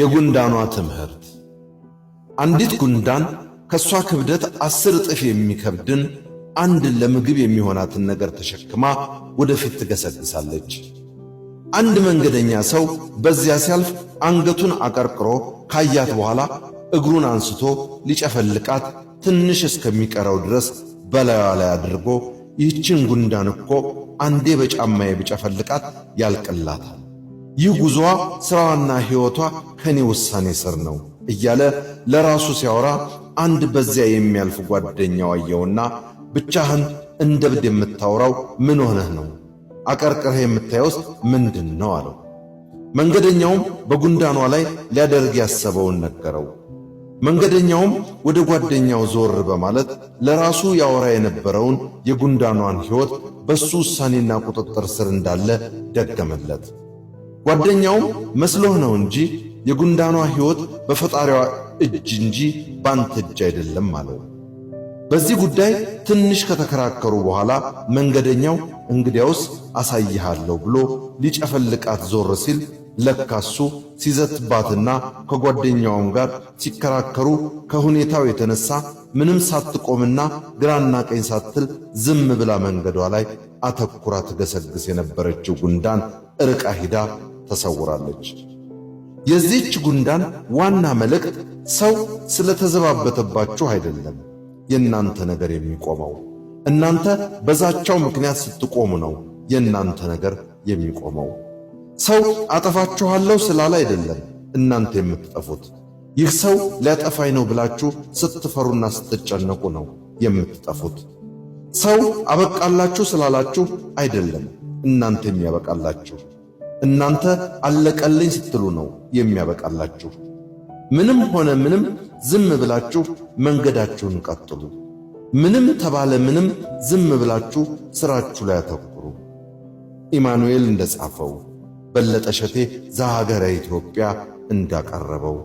የጉንዳኗ ትምህርት አንዲት ጉንዳን ከሷ ክብደት አስር እጥፍ የሚከብድን አንድ ለምግብ የሚሆናትን ነገር ተሸክማ ወደፊት ትገሰግሳለች። አንድ መንገደኛ ሰው በዚያ ሲያልፍ አንገቱን አቀርቅሮ ካያት በኋላ እግሩን አንስቶ ሊጨፈልቃት ትንሽ እስከሚቀረው ድረስ በላዩ ላይ አድርጎ ይህችን ጉንዳን እኮ አንዴ በጫማዬ ብጨፈልቃት ያልቅላታል ይህ ጉዞዋ ሥራዋና ሕይወቷ ከእኔ ውሳኔ ስር ነው እያለ ለራሱ ሲያወራ አንድ በዚያ የሚያልፍ ጓደኛው አየውና ብቻህን እንደ እብድ የምታወራው ምን ሆነህ ነው? አቀርቅረህ የምታየውስ ምንድን ነው አለው። መንገደኛውም በጉንዳኗ ላይ ሊያደርግ ያሰበውን ነገረው። መንገደኛውም ወደ ጓደኛው ዞር በማለት ለራሱ ያወራ የነበረውን የጉንዳኗን ሕይወት በሱ ውሳኔና ቁጥጥር ስር እንዳለ ደገመለት። ጓደኛውም መስሎህ ነው እንጂ የጉንዳኗ ሕይወት በፈጣሪዋ እጅ እንጂ ባንተ እጅ አይደለም አለው። በዚህ ጉዳይ ትንሽ ከተከራከሩ በኋላ መንገደኛው እንግዲያውስ አሳይሃለሁ ብሎ ሊጨፈልቃት ዞር ሲል ለካሱ ሲዘትባትና ከጓደኛውም ጋር ሲከራከሩ ከሁኔታው የተነሳ ምንም ሳትቆምና ግራና ቀኝ ሳትል ዝም ብላ መንገዷ ላይ አተኩራ ትገሰግስ የነበረችው ጉንዳን ርቃ ሂዳ ተሰውራለች። የዚህች ጉንዳን ዋና መልእክት ሰው ስለተዘባበተባችሁ አይደለም የእናንተ ነገር የሚቆመው፣ እናንተ በዛቻው ምክንያት ስትቆሙ ነው የእናንተ ነገር የሚቆመው። ሰው አጠፋችኋለሁ ስላለ አይደለም እናንተ የምትጠፉት፣ ይህ ሰው ሊያጠፋኝ ነው ብላችሁ ስትፈሩና ስትጨነቁ ነው የምትጠፉት። ሰው አበቃላችሁ ስላላችሁ አይደለም እናንተ የሚያበቃላችሁ እናንተ አለቀልኝ ስትሉ ነው የሚያበቃላችሁ። ምንም ሆነ ምንም ዝም ብላችሁ መንገዳችሁን ቀጥሉ። ምንም ተባለ ምንም ዝም ብላችሁ ሥራችሁ ላይ አተኩሩ። ኢማኑኤል እንደጻፈው በለጠ ሸቴ ዘሀገረ ኢትዮጵያ እንዳቀረበው